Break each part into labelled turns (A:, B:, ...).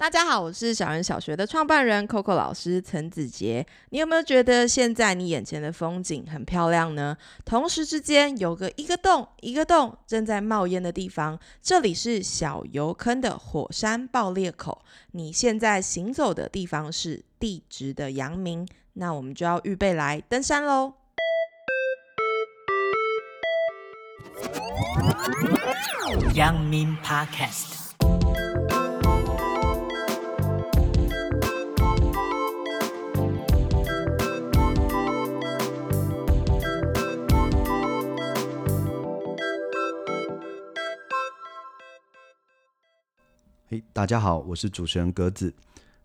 A: 大家好，我是小人小學的創辦人扣扣老師陳子倢。你有沒有覺得現在你眼前的風景很漂亮呢？同時之間有個一個洞一個洞正在冒煙的地方，這裡是小油坑的火山爆裂口。你現在行走的地方是地質的陽明，那我們就要預備來登山嘍。陽明 Podcast。
B: 嘿，大家好，我是主持人格子。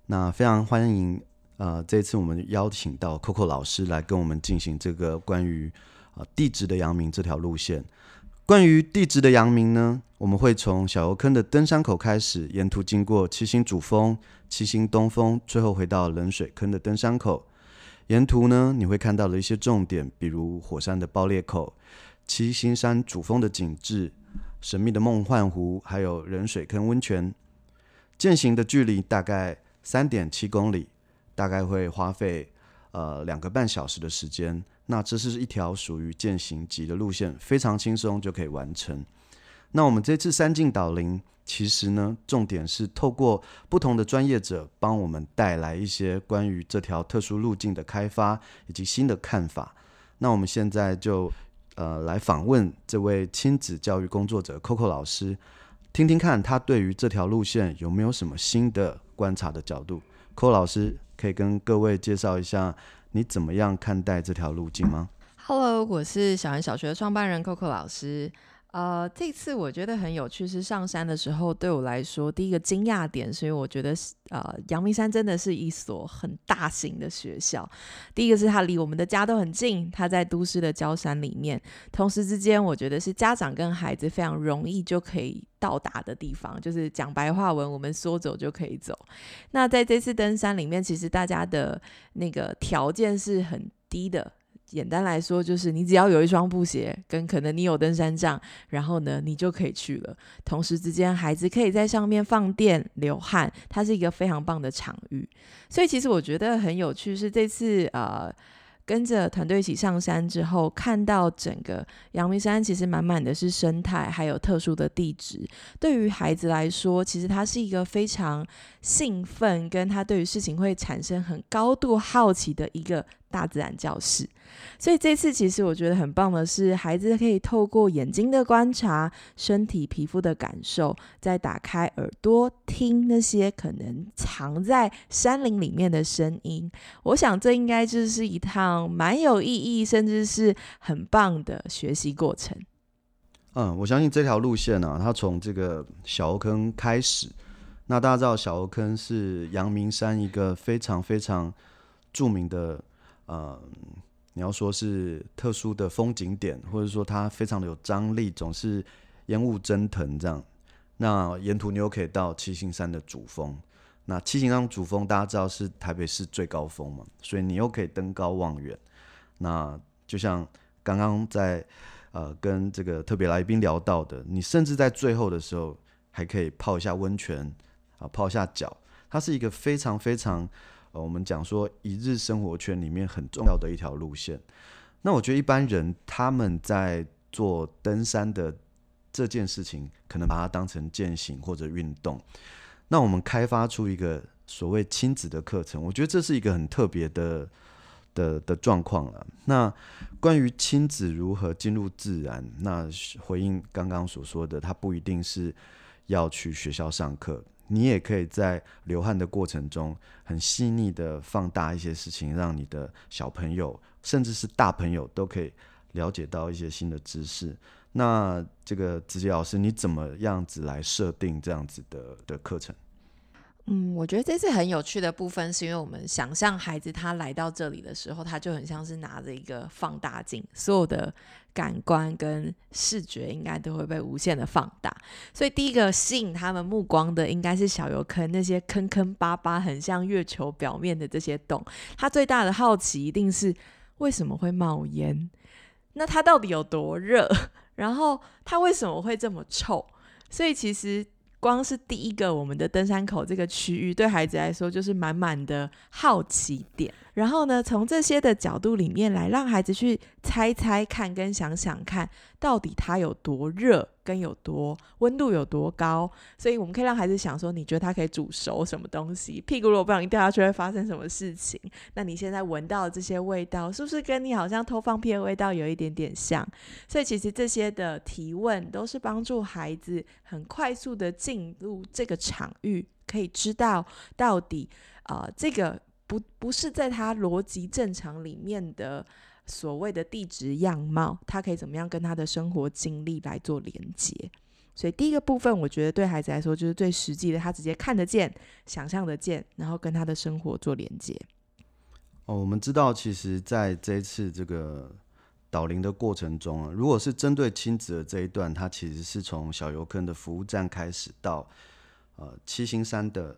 B: 那非常歡迎，呃，這次我們邀請到扣扣老師來跟我們進行這個關於啊、呃、地質的陽明這條路線。關於地質的陽明呢，我們會從小油坑的登山口開始，沿途經過七星主峰、七星東峰，最後回到冷水坑的登山口。沿途呢，你會看到了一些重點，比如火山的爆裂口、七星山主峰的景致、神秘的夢幻湖，還有冷水坑溫泉。健行的距離大概三點七公里，大概會花費呃兩個半小時的時間。那這是一條屬於健行級的路線，非常輕鬆就可以完成。那我們這次山徑導聆，其實呢，重點是透過不同的專業者幫我們帶來一些關於這條特殊路徑的開發以及新的看法。那我們現在就呃來訪問這位親子教育工作者扣扣老師。聽聽看，他對於這條路線有沒有什麼新的觀察的角度？扣扣老師可以跟各位介紹一下你怎麼樣看待這條路徑嗎
A: ？Hello，我是小人小學的創辦人扣扣老師。呃，這次我覺得很有趣是上山的時候，對我來說第一個驚訝點，所以我覺得是，呃，陽明山真的是一所很大型的學校。第一個是它離我們的家都很近，它在都市的郊山裡面，同時之間，我覺得是家長跟孩子非常容易就可以到達的地方，就是講白話文，我們說走就可以走。那在這次登山裡面，其實大家的那個條件是很低的。簡單來說，就是你只要有一雙布鞋，跟可能你有登山杖，然後呢，你就可以去了。同時之間，孩子可以在上面放電、流汗，它是一個非常棒的場域。所以，其實我覺得很有趣，是這次呃跟着團隊一起上山之後，看到整個陽明山其實滿滿的是生態，還有特殊的地質。對於孩子來說，其實他是一個非常興奮，跟他對於事情會產生很高度好奇的一個。大自然教室，所以這次其實我覺得很棒的是，孩子可以透過眼睛的觀察、身體皮膚的感受，再打開耳朵聽那些可能藏在山林裡面的聲音。我想這應該就是一趟蠻有意義，甚至是很棒的學習過程。
B: 嗯，我相信這條路線呢、啊，它從這個小油坑開始。那大家知道，小油坑是陽明山一個非常非常著名的。嗯、呃，你要說是特殊的風景點，或者說它非常的有張力，總是煙霧蒸騰這樣，那沿途你又可以到七星山的主峰，那七星山主峰大家知道是台北市最高峰嘛，所以你又可以登高望遠。那就像剛剛在呃跟這個特別來賓聊到的，你甚至在最後的時候還可以泡一下溫泉啊，泡一下腳，它是一個非常非常，我們講說一日生活圈裡面很重要的一條路線。那我覺得一般人他們在做登山的這件事情，可能把它當成健行或者運動。那我們開發出一個所謂親子的課程，我覺得這是一個很特別的的的狀況了。那關於親子如何進入自然，那回應剛剛所說的，它不一定是要去學校上課。你也可以在流汗的過程中，很細膩的放大一些事情，讓你的小朋友甚至是大朋友都可以了解到一些新的知識。那這個直接老師，你怎麼樣子來設定這樣子的的課程？
A: 嗯，我覺得這是很有趣的部分，是因為我們想象孩子他來到這裡的時候，他就很像是拿着一個放大鏡，所有的感官跟視覺應該都會被無限的放大。所以第一個吸引他們目光的應該是小油坑，那些坑坑巴巴、很像月球表面的這些洞。他最大的好奇一定是為什麼會冒煙？那它到底有多熱？然後它為什麼會這麼臭？所以其實，光是第一個，我們的登山口這個區域，對孩子來說，就是滿滿的好奇點。然後呢，從這些的角度裡面來，讓孩子去猜猜看，跟想想看，到底它有多熱，跟有多溫度有多高。所以我們可以讓孩子想說，你覺得它可以煮熟什麼東西？屁股如果不小心掉下去會發生什麼事情？那你現在聞到的這些味道，是不是跟你好像偷放屁的味道有一點點像？所以其實這些的提問都是幫助孩子很快速的進入這個場域，可以知道到底啊、呃、這個。不不是在他邏輯正常裡面的所謂的地質樣貌，他可以怎麼樣跟他的生活經歷來做連接？所以第一個部分，我覺得對孩子來說就是最實際的，他直接看得見、想象得見，然後跟他的生活做連接。
B: 哦，我們知道，其實在這一次這個導聆的過程中，啊，如果是針對親子的這一段，他其實是從小油坑的服務站開始到，到呃七星山的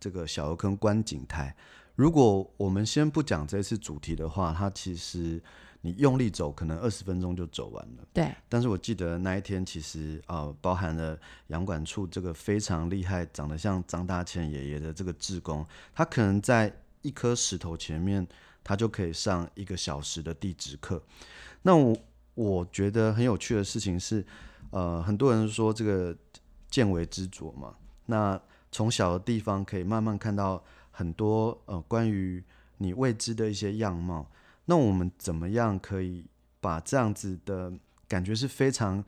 B: 這個小油坑觀景台。如果我們先不講這次主題的話，它其實你用力走，可能二十分鐘就走完了。對。但是我記得那一天，其實啊、呃，包含了陽管處這個非常厲害、長得像張大千爺爺的這個志工，他可能在一顆石頭前面，他就可以上一個小時的地質課。那我我覺得很有趣的事情是，呃，很多人說這個見微知著嘛，那從小的地方可以慢慢看到。很多呃，關於你未知的一些樣貌，那我們怎麼樣可以把這樣子的感覺是非常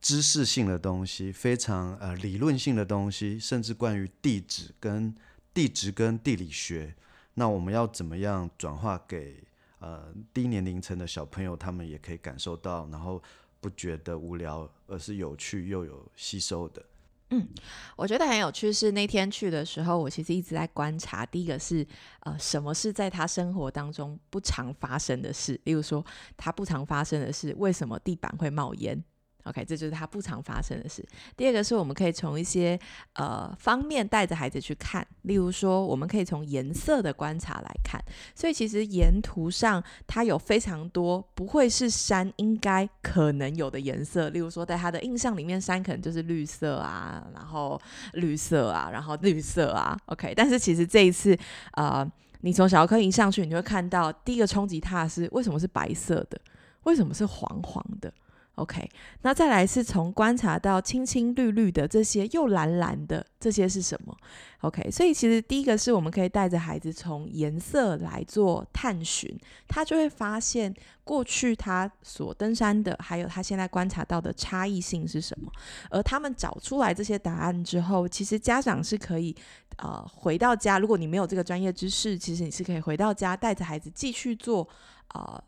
B: 知識性的東西，非常呃理論性的東西，甚至關於地質跟地質跟地理學，那我們要怎麼樣轉化給呃低年齡層的小朋友，他們也可以感受到，然後不覺得無聊，而是有趣又有吸收的。
A: 嗯，我覺得很有趣是那天去的時候，我其實一直在觀察。第一個是，呃，什麼是在他生活當中不常發生的事，例如說他不常發生的事，為什麼地板會冒煙？OK，這就是他不常發生的事。第二個是我們可以從一些呃方面帶着孩子去看，例如說，我們可以從顏色的觀察來看。所以其實沿途上它有非常多不會是山應該可能有的顏色，例如說，在他的印象裡面，山可能就是綠色啊，然後綠色啊，然後綠色啊，然後綠色啊。OK，但是其實這一次呃，你從小徑一上去，你就會看到第一個衝擊它的是為什麼是白色的？為什麼是黃黃的？OK，那再來是從觀察到青青綠綠的這些，又藍藍的這些是什麼？OK，所以其實第一個是我們可以帶着孩子從顏色來做探尋，他就會發現過去他所登山的，還有他現在觀察到的差異性是什麼。而他們找出來這些答案之後，其實家長是可以，呃，回到家，如果你沒有這個專業知識，其實你是可以回到家帶着孩子繼續做，呃。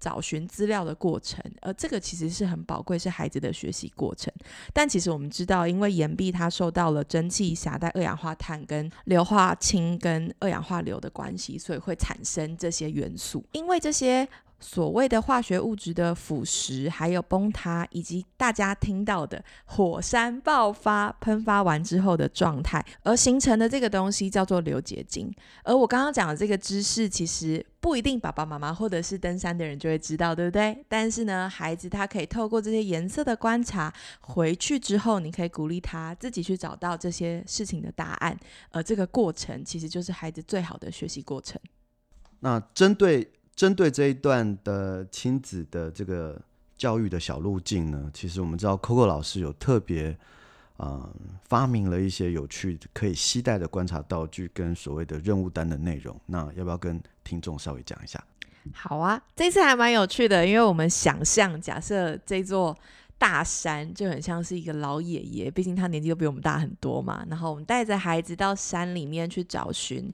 A: 找尋資料的過程，而這個其實是很寶貴，是孩子的學習過程。但其實我們知道，因為岩壁，它受到了蒸汽挾帶二氧化碳、跟硫化氫、跟二氧化硫的關係，所以會產生這些元素。因為這些。所謂的化學物質的腐蝕，還有崩塌，以及大家聽到的火山爆發噴發完之後的狀態，而形成的這個東西叫做硫結晶。而我剛剛講的這個知識，其實不一定爸爸媽媽或者是登山的人就會知道，對不對？但是呢，孩子他可以透過這些顏色的觀察，回去之後，你可以鼓勵他自己去找到這些事情的答案。而這個過程其實就是孩子最好的學習過程。
B: 那針對。針對這一段的親子的這個教育的小路徑呢，其實我們知道扣扣老師有特別，嗯、呃，發明了一些有趣、可以期待的觀察道具跟所謂的任務單的內容。那要不要跟聽眾稍微講一下？
A: 好啊，這次還蠻有趣的，因為我們想象假設這座大山就很像是一個老爺爺，畢竟他年紀又比我們大很多嘛。然後我們帶着孩子到山裡面去找尋，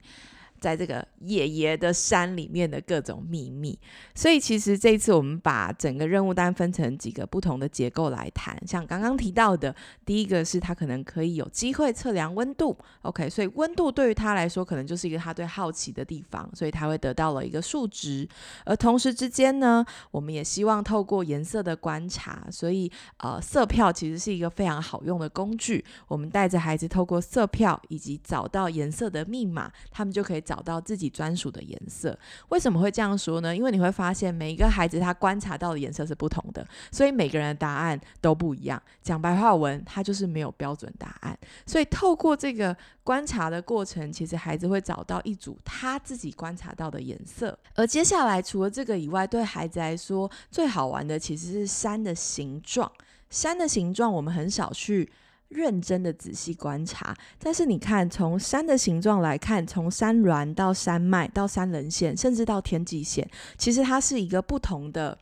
A: 在這個爺爺的山裡面的各種祕密，所以其實這一次我們把整個任務單分成幾個不同的結構來談。像剛剛提到的，第一個是他可能可以有機會測量溫度，OK？所以溫度對於他來說，可能就是一個他最好奇的地方，所以他會得到了一個數值。而同時之間呢，我們也希望透過顏色的觀察，所以呃，色票其實是一個非常好用的工具。我們帶着孩子透過色票以及找到顏色的密碼，他們就可以。找到自己專屬的顏色，為什麼會這樣說呢？因為你會發現每一個孩子他觀察到的顏色是不同的，所以每個人的答案都不一樣。講白話文，它就是沒有標準答案。所以透過這個觀察的過程，其實孩子會找到一組他自己觀察到的顏色。而接下來除了這個以外，對孩子來說最好玩的其實是山的形狀。山的形狀，我們很少去。認真的仔細觀察，但是你看，從山的形狀來看，從山巒到山脈到山稜線，甚至到天際線，其實它是一個不同的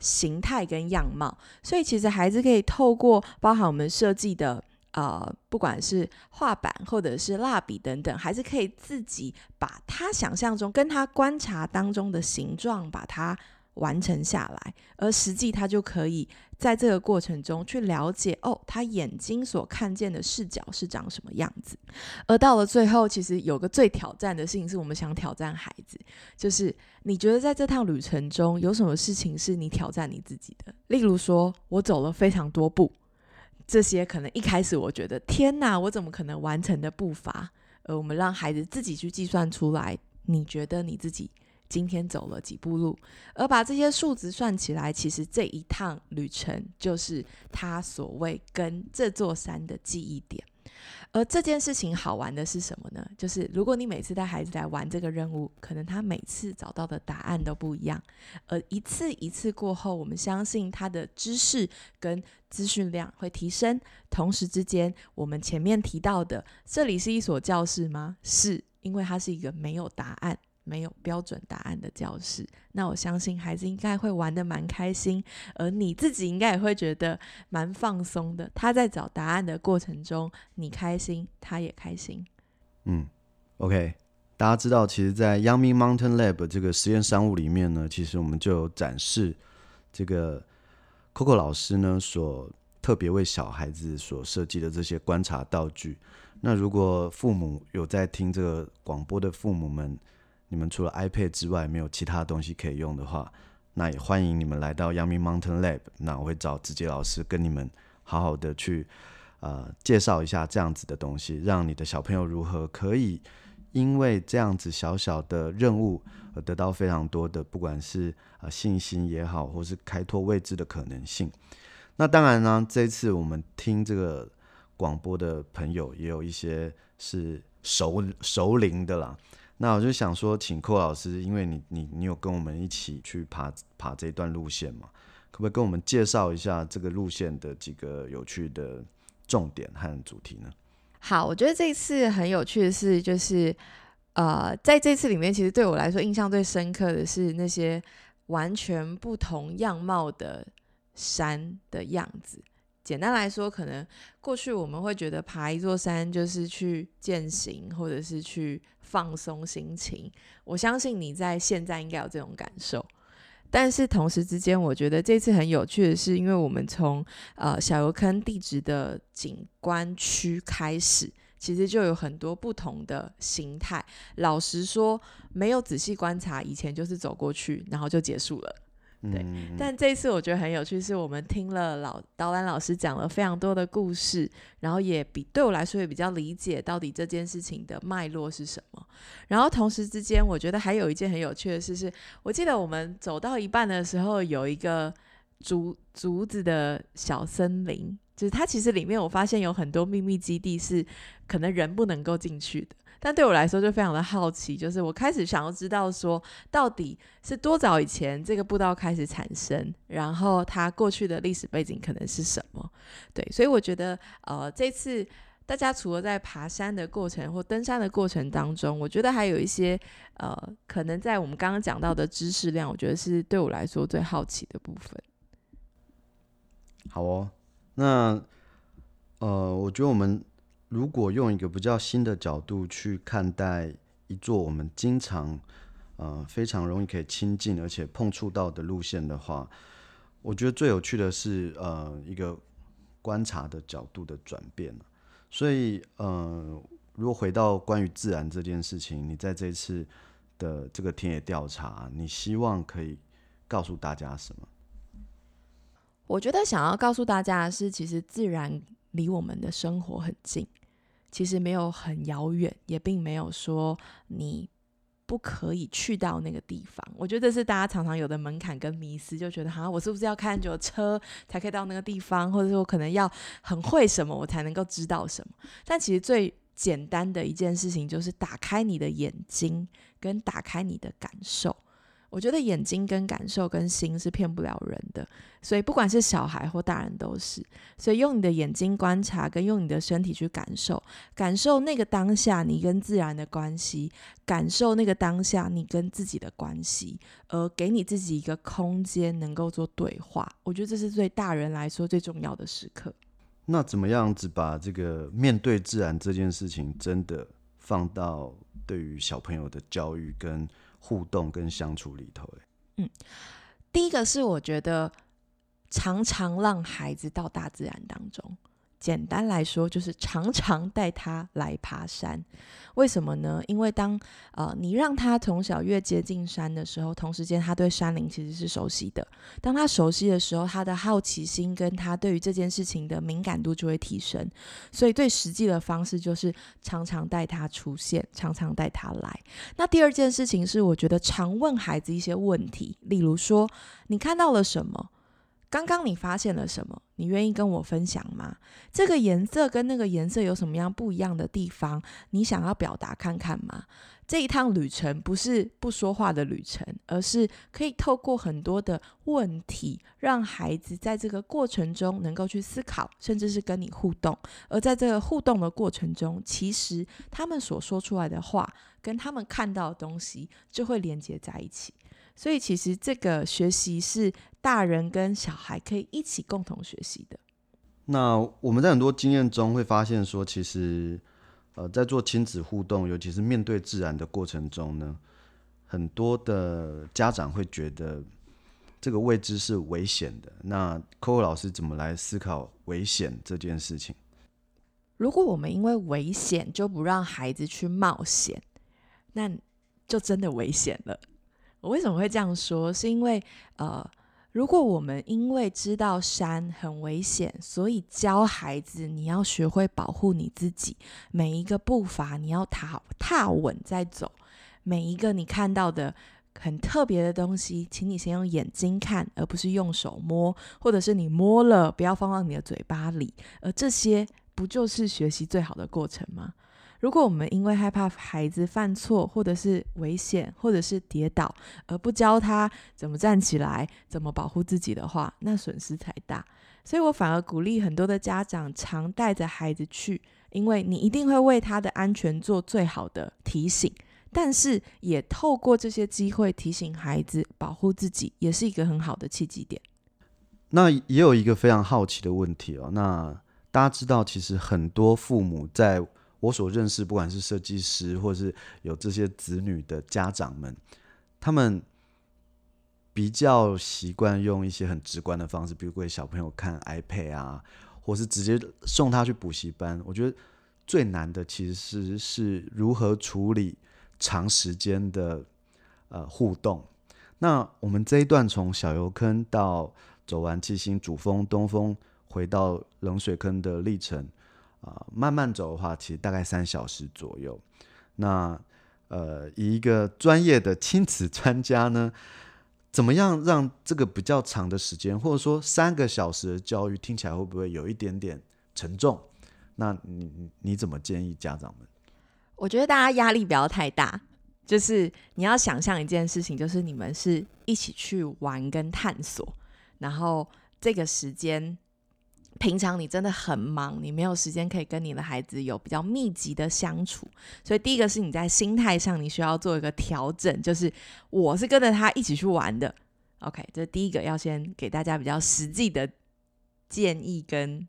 A: 形態跟樣貌。所以其實孩子可以透過包含我們設計的，呃，不管是畫板或者是蠟筆等等，孩子可以自己把他想象中跟他觀察當中的形狀，把它。完成下來，而實際他就可以在這個過程中去了解，哦，他眼睛所看見的視角是長什麼樣子。而到了最後，其實有個最挑戰的事情，是我們想挑戰孩子，就是你覺得在這趟旅程中有什麼事情是你挑戰你自己的？例如說，我走了非常多步，這些可能一開始我覺得天哪，我怎麼可能完成的步伐？而我們讓孩子自己去計算出來，你覺得你自己？今天走了幾步路，而把這些數值算起來，其實這一趟旅程就是他所謂跟這座山的記憶點。而這件事情好玩的是什麼呢？就是如果你每次帶孩子來玩這個任務，可能他每次找到的答案都不一樣。而一次一次過後，我們相信他的知識跟資訊量會提升。同時之間，我們前面提到的，這裡是一所教室嗎？是，因為它是一個沒有答案。沒有標準答案的教室，那我相信孩子應該會玩得蠻開心，而你自己應該也會覺得蠻放鬆的。他在找答案的過程中，你開心，他也開心。嗯
B: ，OK，大家知道，其實，在 Yummy Mountain Lab 這個實驗商務裡面呢，其實我們就有展示這個扣扣老師呢所特別為小孩子所設計的這些觀察道具。那如果父母有在聽這個廣播的父母們，你們除了 iPad 之外，沒有其他東西可以用的話，那也歡迎你們來到陽明 Mountain Lab。那我會找子倢老師跟你們好好的去，呃，介紹一下這樣子的東西，讓你的小朋友如何可以因為這樣子小小的任務而得到非常多的，不管是呃信心也好，或是開拓未知的可能性。那當然呢，這次我們聽這個廣播的朋友也有一些是熟熟齡的啦。那我就想說，請扣老師，因為你你你有跟我們一起去爬爬這一段路線嘛，可不可以跟我們介紹一下這個路線的幾個有趣的重點和主題呢？
A: 好，我覺得這一次很有趣的是，就是呃，在這次裡面，其實對我來說印象最深刻的是那些完全不同樣貌的山的樣子。簡單來說，可能過去我們會覺得爬一座山就是去健行，或者是去放鬆心情。我相信你在現在應該有這種感受，但是同時之間，我覺得這次很有趣的是，因為我們從呃小油坑地質的景觀區開始，其實就有很多不同的形態。老實說，沒有仔細觀察，以前就是走過去，然後就結束了。對，但這一次我覺得很有趣，是我們聽了老、導覽老師講了非常多的故事，然後也比，對我來說也比較理解到底這件事情的脈絡是什麼。然後同時之間，我覺得還有一件很有趣的事是，是我記得我們走到一半的時候，有一個竹竹子的小森林，就是它其實裡面我發現有很多秘密基地是可能人不能夠進去的。但對我來說就非常的好奇，就是我開始想要知道說，到底是多早以前這個步道開始產生，然後它過去的歷史背景可能是什麼？對，所以我覺得，呃，這次大家除了在爬山的過程或登山的過程當中，我覺得還有一些，呃，可能在我們剛剛講到的知識量，我覺得是對我來說最好奇的部分。
B: 好哦，那，呃，我覺得我們。如果用一個比較新的角度去看待一座我們經常呃，非常容易可以親近而且碰觸到的路線的話，我覺得最有趣的是呃，一個觀察的角度的轉變。所以呃，如果回到關於自然這件事情，你在這一次的這個田野調查，你希望可以告訴大家什麼？
A: 我覺得想要告訴大家的是，其實自然離我們的生活很近。其實沒有很遙遠，也並沒有說你不可以去到那個地方。我覺得這是大家常常有的門檻跟迷思，就覺得好像，啊，我是不是要開很久的車才可以到那個地方，或者說我可能要很會什麼我才能夠知道什麼。但其實最簡單的一件事情就是打開你的眼睛，跟打開你的感受。我覺得眼睛跟感受跟心是騙不了人的，所以不管是小孩或大人都是，所以用你的眼睛觀察，跟用你的身體去感受，感受那個當下你跟自然的關係，感受那個當下你跟自己的關係，而給你自己一個空間能夠做對話，我覺得這是對大人來說最重要的時刻。
B: 那怎麼樣子把這個面對自然這件事情，真的放到對於小朋友的教育跟互動跟相處裡頭，欸，嗯，
A: 第一個是我覺得常常讓孩子到大自然當中。簡單來說，就是常常帶他來爬山。為什麼呢？因為當呃你讓他從小越接近山的時候，同時間他對山林其實是熟悉的。當他熟悉的時候，他的好奇心跟他對於這件事情的敏感度就會提升。所以最實際的方式就是常常帶他出現，常常帶他來。那第二件事情是，我覺得常問孩子一些問題，例如說，你看到了什麼？剛剛你發現了什麼？你願意跟我分享嗎？這個顏色跟那個顏色有什麼樣不一樣的地方？你想要表達看看嗎？這一趟旅程不是不說話的旅程，而是可以透過很多的問題，讓孩子在這個過程中能夠去思考，甚至是跟你互動。而在這個互動的過程中，其實他們所說出來的話，跟他們看到的東西就會連接在一起。所以，其實這個學習是大人跟小孩可以一起共同學習的。
B: 那我們在很多經驗中會發現，說其實，呃，在做親子互動，尤其是面對自然的過程中呢，很多的家長會覺得這個未知是危險的。那扣扣老師怎麼來思考危險這件事情？
A: 如果我們因為危險就不讓孩子去冒險，那就真的危險了。我為什麼會這樣說？是因為，呃，如果我們因為知道山很危險，所以教孩子你要學會保護你自己，每一個步伐你要踏踏穩再走，每一個你看到的很特別的東西，請你先用眼睛看，而不是用手摸，或者是你摸了不要放到你的嘴巴裡，而這些不就是學習最好的過程嗎？如果我們因為害怕孩子犯錯，或者是危險，或者是跌倒，而不教他怎麼站起來，怎麼保護自己的話，那損失才大。所以我反而鼓勵很多的家長常帶着孩子去，因為你一定會為他的安全做最好的提醒。但是也透過這些機會提醒孩子保護自己，也是一個很好的契機點。
B: 那也有一個非常好奇的問題哦，那大家知道其實很多父母在我所認識，不管是設計師，或是有這些子女的家長們，他們比較習慣用一些很直觀的方式，比如給小朋友看 iPad 啊，或是直接送他去補習班。我覺得最難的其實是，是如何處理長時間的呃互動。那我們這一段從小油坑到走完七星主峰、東峰，回到冷水坑的歷程。啊，慢慢走的話，其實大概三小時左右。那，呃，以一個專業的親子專家呢，怎麼樣讓這個比較長的時間，或者說三個小時的教育，聽起來會不會有一點點沉重？那你你怎麼建議家長們？
A: 我覺得大家壓力不要太大，就是你要想象一件事情，就是你們是一起去玩跟探索，然後這個時間。平常你真的很忙，你沒有時間可以跟你的孩子有比較密集的相處，所以第一個是你在心態上你需要做一個調整，就是我是跟着他一起去玩的，OK，這是第一個要先給大家比較實際的建議跟。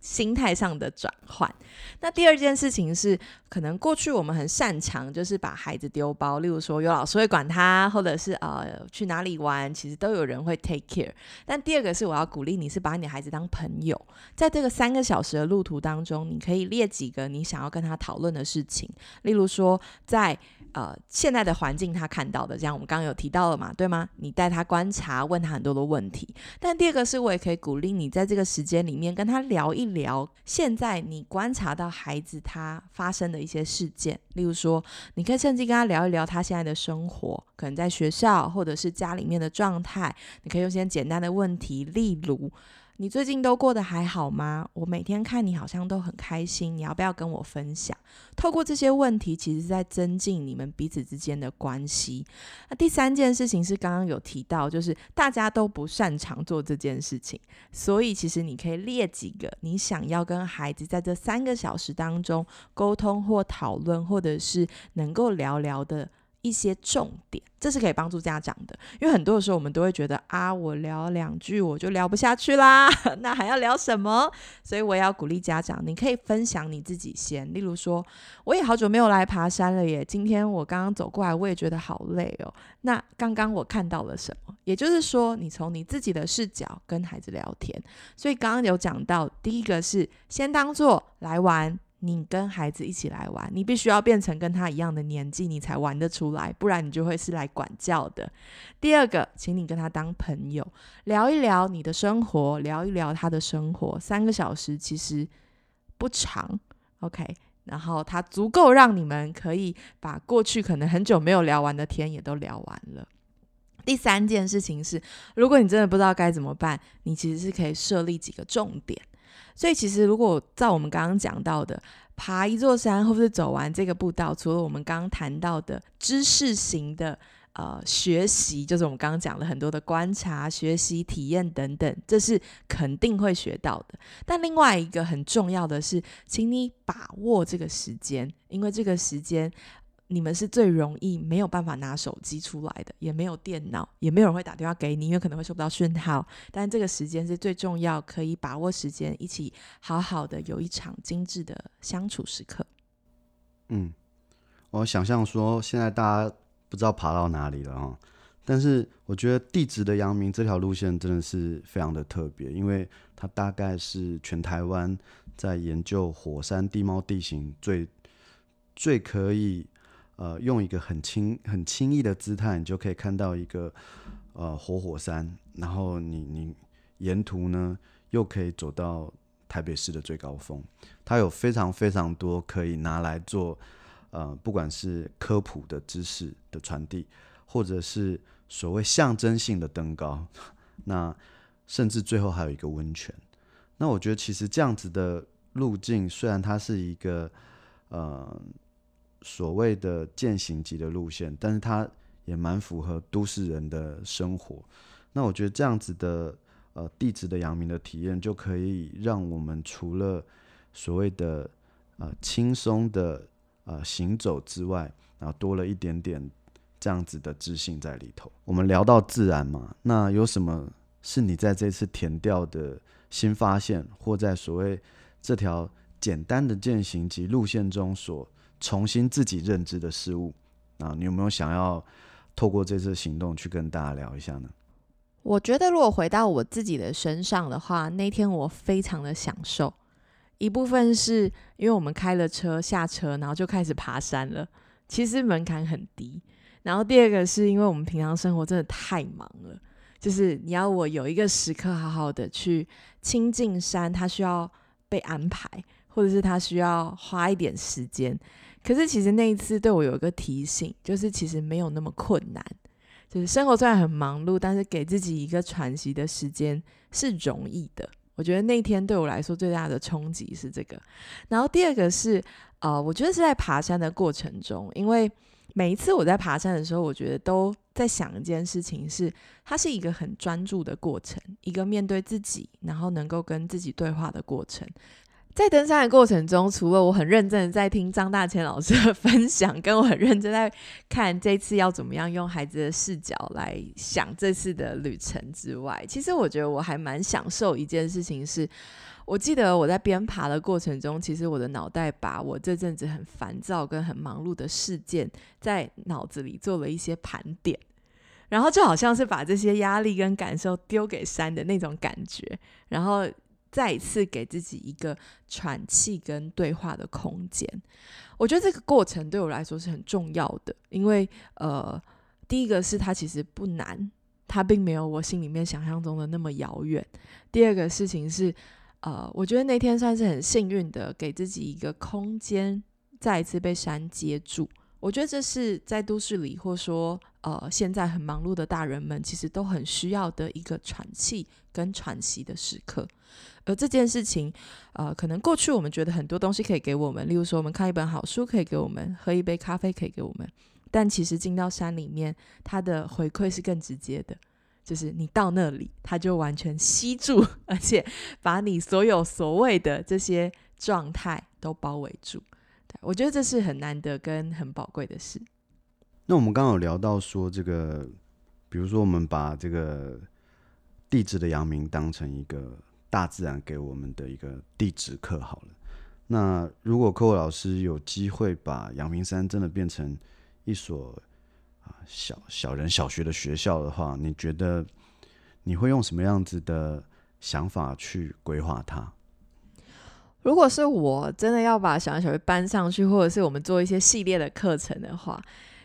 A: 心態上的轉換。那第二件事情是，可能過去我們很擅長就是把孩子丟包，例如說有老師會管他，或者是啊、呃、去哪裡玩，其實都有人會 take care。但第二個是，我要鼓勵你是把你的孩子當朋友，在這個三個小時的路途當中，你可以列幾個你想要跟他討論的事情，例如說在。呃，現在的環境他看到的，這樣我們剛剛有提到了嘛，對嗎？你帶他觀察，問他很多的問題。但第二個是，我也可以鼓勵你在這個時間裡面跟他聊一聊，現在你觀察到孩子他發生的一些事件，例如說，你可以趁機跟他聊一聊他現在的生活，可能在學校或者是家裡面的狀態。你可以用一些簡單的問題，例如。你最近都過得還好嗎？我每天看你好像都很開心，你要不要跟我分享？透過這些問題，其實在增進你們彼此之間的關係。那第三件事情是剛剛有提到，就是大家都不擅長做這件事情，所以其實你可以列幾個你想要跟孩子在這三個小時當中溝通或討論，或者是能夠聊聊的一些重點，這是可以幫助家長的，因為很多的時候我們都會覺得啊，我聊兩句我就聊不下去啦，那還要聊什麼？所以我也要鼓勵家長，你可以分享你自己先，例如說，我也好久沒有來爬山了耶，今天我剛剛走過來，我也覺得好累哦。那剛剛我看到了什麼？也就是說，你從你自己的視角跟孩子聊天。所以剛剛有講到，第一個是先當做來玩。你跟孩子一起來玩，你必須要變成跟他一樣的年紀，你才玩得出來，不然你就會是來管教的。第二個，請你跟他當朋友，聊一聊你的生活，聊一聊他的生活，三個小時其實不長，OK，然後他足夠讓你們可以把過去可能很久沒有聊完的天也都聊完了。第三件事情是，如果你真的不知道該怎麼辦，你其實是可以設立幾個重點。所以，其實如果照我們剛剛講到的，爬一座山或是走完這個步道，除了我們剛剛談到的知識型的呃學習，就是我們剛剛講了很多的觀察、學習、體驗等等，這是肯定會學到的。但另外一個很重要的是，請你把握這個時間，因為這個時間。你們是最容易沒有辦法拿手機出來的，也沒有電腦，也沒有人會打電話給你，因為可能會收不到訊號。但這個時間是最重要，可以把握時間，一起好好的有一場精緻的相處時刻。
B: 嗯，我想象說現在大家不知道爬到哪裡了哈，但是我覺得地質的陽明這條路線真的是非常的特別，因為它大概是全台灣在研究火山地貌地形最最可以。呃，用一個很輕、很輕易的姿態，你就可以看到一個呃活火、火山，然後你你沿途呢，又可以走到台北市的最高峰。它有非常非常多可以拿來做呃，不管是科普的知識的傳遞，或者是所謂象徵性的登高，那甚至最後還有一個溫泉。那我覺得其實這樣子的路徑，雖然它是一個嗯。呃所謂的健行級的路線，但是它也蠻符合都市人的生活。那我覺得這樣子的呃，地質的陽明的體驗，就可以讓我們除了所謂的呃輕鬆的呃行走之外，然後多了一點點這樣子的自信在裡頭。我們聊到自然嘛，那有什麼是你在這次田調的新發現，或在所謂這條簡單的健行級路線中所？重新自己認知的事物啊，你有沒有想要透過這次行動去跟大家聊一下呢？
A: 我覺得，如果回到我自己的身上的話，那天我非常的享受。一部分是因為我們開了車，下車然後就開始爬山了，其實門檻很低。然後第二個是因為我們平常生活真的太忙了，就是你要我有一個時刻好好的去親近山，它需要被安排，或者是它需要花一點時間。可是其實那一次對我有一個提醒，就是其實沒有那麼困難。就是生活雖然很忙碌，但是給自己一個喘息的時間是容易的。我覺得那天對我來說最大的衝擊是這個。然後第二個是，呃，我覺得是在爬山的過程中，因為每一次我在爬山的時候，我覺得都在想一件事情，是它是一個很專注的過程，一個面對自己，然後能夠跟自己對話的過程。在登山的過程中，除了我很認真的在聽張大千老師的分享，跟我很認真在看這次要怎麼樣用孩子的視角來想這次的旅程之外，其實我覺得我還蠻享受一件事情是，是我記得我在邊爬的過程中，其實我的腦袋把我這陣子很煩躁跟很忙碌的事件，在腦子裡做了一些盤點，然後就好像是把這些壓力跟感受丟給山的那種感覺，然後。再一次給自己一個喘氣跟對話的空間，我覺得這個過程對我來說是很重要的。因為呃，第一個是它其實不難，它並沒有我心裡面想象中的那麼遙遠。第二個事情是，呃，我覺得那天算是很幸運的，給自己一個空間，再一次被山接住。我覺得這是在都市裡，或說呃，現在很忙碌的大人們，其實都很需要的一個喘氣跟喘息的時刻。而這件事情，呃，可能過去我們覺得很多東西可以給我們，例如說我們看一本好書可以給我們，喝一杯咖啡可以給我們。但其實進到山裡面，它的回饋是更直接的，就是你到那裡，它就完全吸住，而且把你所有所謂的這些狀態都包圍住。我覺得這是很難得跟很寶貴的事。
B: 那我們剛有聊到說，這個，比如說我們把這個地質的陽明當成一個大自然給我們的一個地質課好了。那如果扣扣老師有機會把陽明山真的變成一所啊小小人小學的學校的話，你覺得你會用什麼樣子的想法去規劃它？
A: 如果是我真的要把小人小學搬上去，或者是我們做一些系列的課程的話，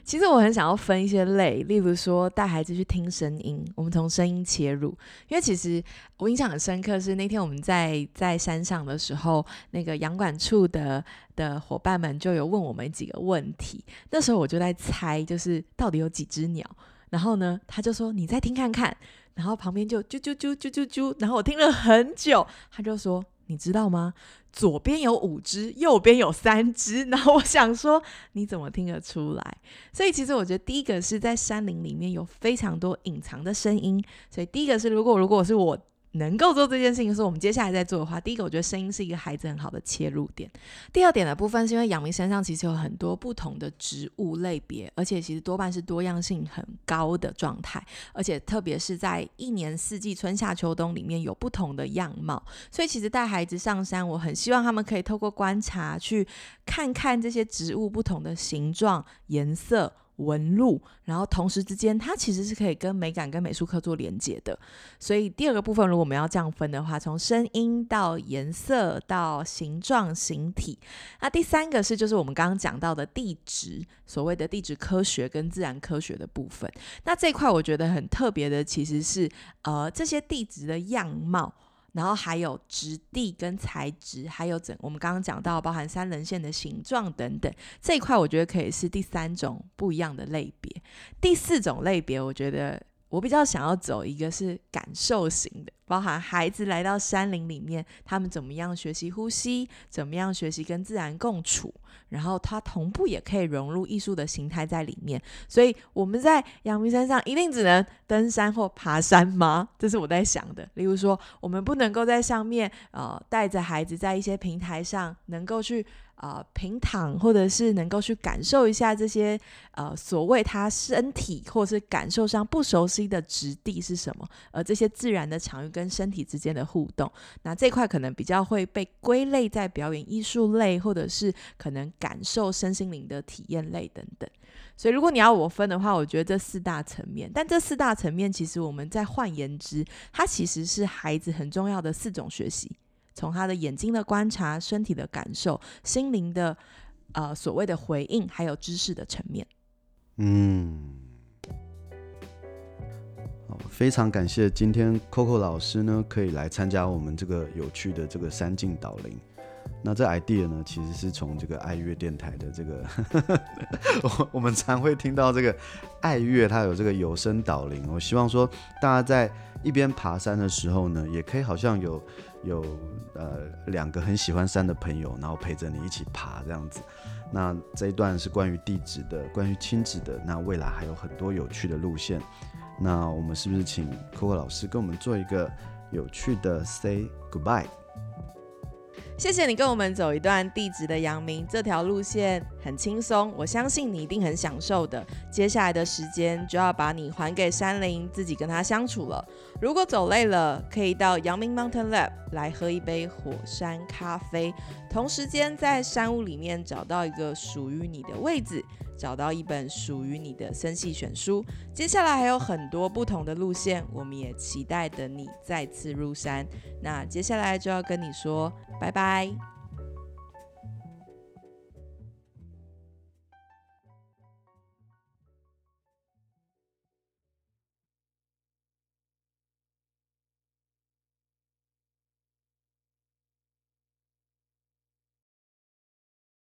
A: 其實我很想要分一些類，例如說，帶孩子去聽聲音，我們從聲音切入。因為其實我印象很深刻，是那天我們在在山上的時候，那個陽管處的的夥伴們就有問我們幾個問題。那時候我就在猜，就是到底有幾隻鳥。然後呢，他就說你再聽看看。然後旁邊就啾啾啾啾啾啾，然後我聽了很久，他就說。你知道嗎？左邊有五隻，右邊有三隻。然後我想說，你怎麼聽得出來？所以其實我覺得，第一個是在山林裡面有非常多隱藏的聲音。所以第一個是，如果如果是我。能夠做這件事情，是我們接下來在做的話。第一個，我覺得聲音是一個孩子很好的切入點。第二點的部分，是因為陽明山上其實有很多不同的植物類別，而且其實多半是多樣性很高的狀態，而且特別是在一年四季、春夏秋冬裡面有不同的樣貌。所以，其實帶孩子上山，我很希望他們可以透過觀察，去看看這些植物不同的形狀、顏色。紋路，然後同時之間，它其實是可以跟美感、跟美術課做連接的。所以第二個部分，如果我們要這樣分的話，從聲音到顏色到形狀、形體，那第三個是就是我們剛剛講到的地質，所謂的地質科學跟自然科學的部分。那這一塊我覺得很特別的，其實是呃這些地質的樣貌。然後還有質地跟材質，還有整我們剛剛講到包含三稜線的形狀等等這一塊，我覺得可以是第三種不一樣的類別。第四種類別，我覺得。我比較想要走一個是感受型的，包含孩子來到山林裡面，他們怎麼樣學習呼吸，怎麼樣學習跟自然共處，然後他同步也可以融入藝術的形態在裡面。所以我們在陽明山上一定只能登山或爬山嗎？這是我在想的。例如說，我們不能夠在上面，呃，帶着孩子在一些平台上能夠去。啊、呃，平躺或者是能夠去感受一下這些呃，所謂他身體或者是感受上不熟悉的質地是什麼，而這些自然的場域跟身體之間的互動，那這塊可能比較會被歸類在表演藝術類，或者是可能感受身心靈的體驗類等等。所以，如果你要我分的話，我覺得這四大層面，但這四大層面其實我們在換言之，它其實是孩子很重要的四種學習。從他的眼睛的觀察、身體的感受、心靈的呃所謂的回應，還有知識的層面，
B: 嗯，好，非常感謝今天扣扣老師呢可以來參加我們這個有趣的這個山徑導聆。那這 idea 呢，其實是從這個愛樂電台的這個，呵呵我我們常會聽到這個愛樂，它有這個有聲導聆。我希望說，大家在一邊爬山的時候呢，也可以好像有有呃兩個很喜歡山的朋友，然後陪着你一起爬這樣子。那這一段是關於地質的，關於親子的。那未來還有很多有趣的路線。那我們是不是請扣扣老師跟我們做一個有趣的 say goodbye？
A: 謝謝你跟我們走一段地質的陽明，這條路線很輕鬆，我相信你一定很享受的。接下來的時間就要把你還給山林，自己跟他相處了。如果走累了，可以到陽明、um、Mountain Lab 來喝一杯火山咖啡，同時間在山屋裡面找到一個屬於你的位置。找到一本屬於你的森系選書，接下來還有很多不同的路線，我們也期待等你再次入山。那接下來就要跟你說拜拜。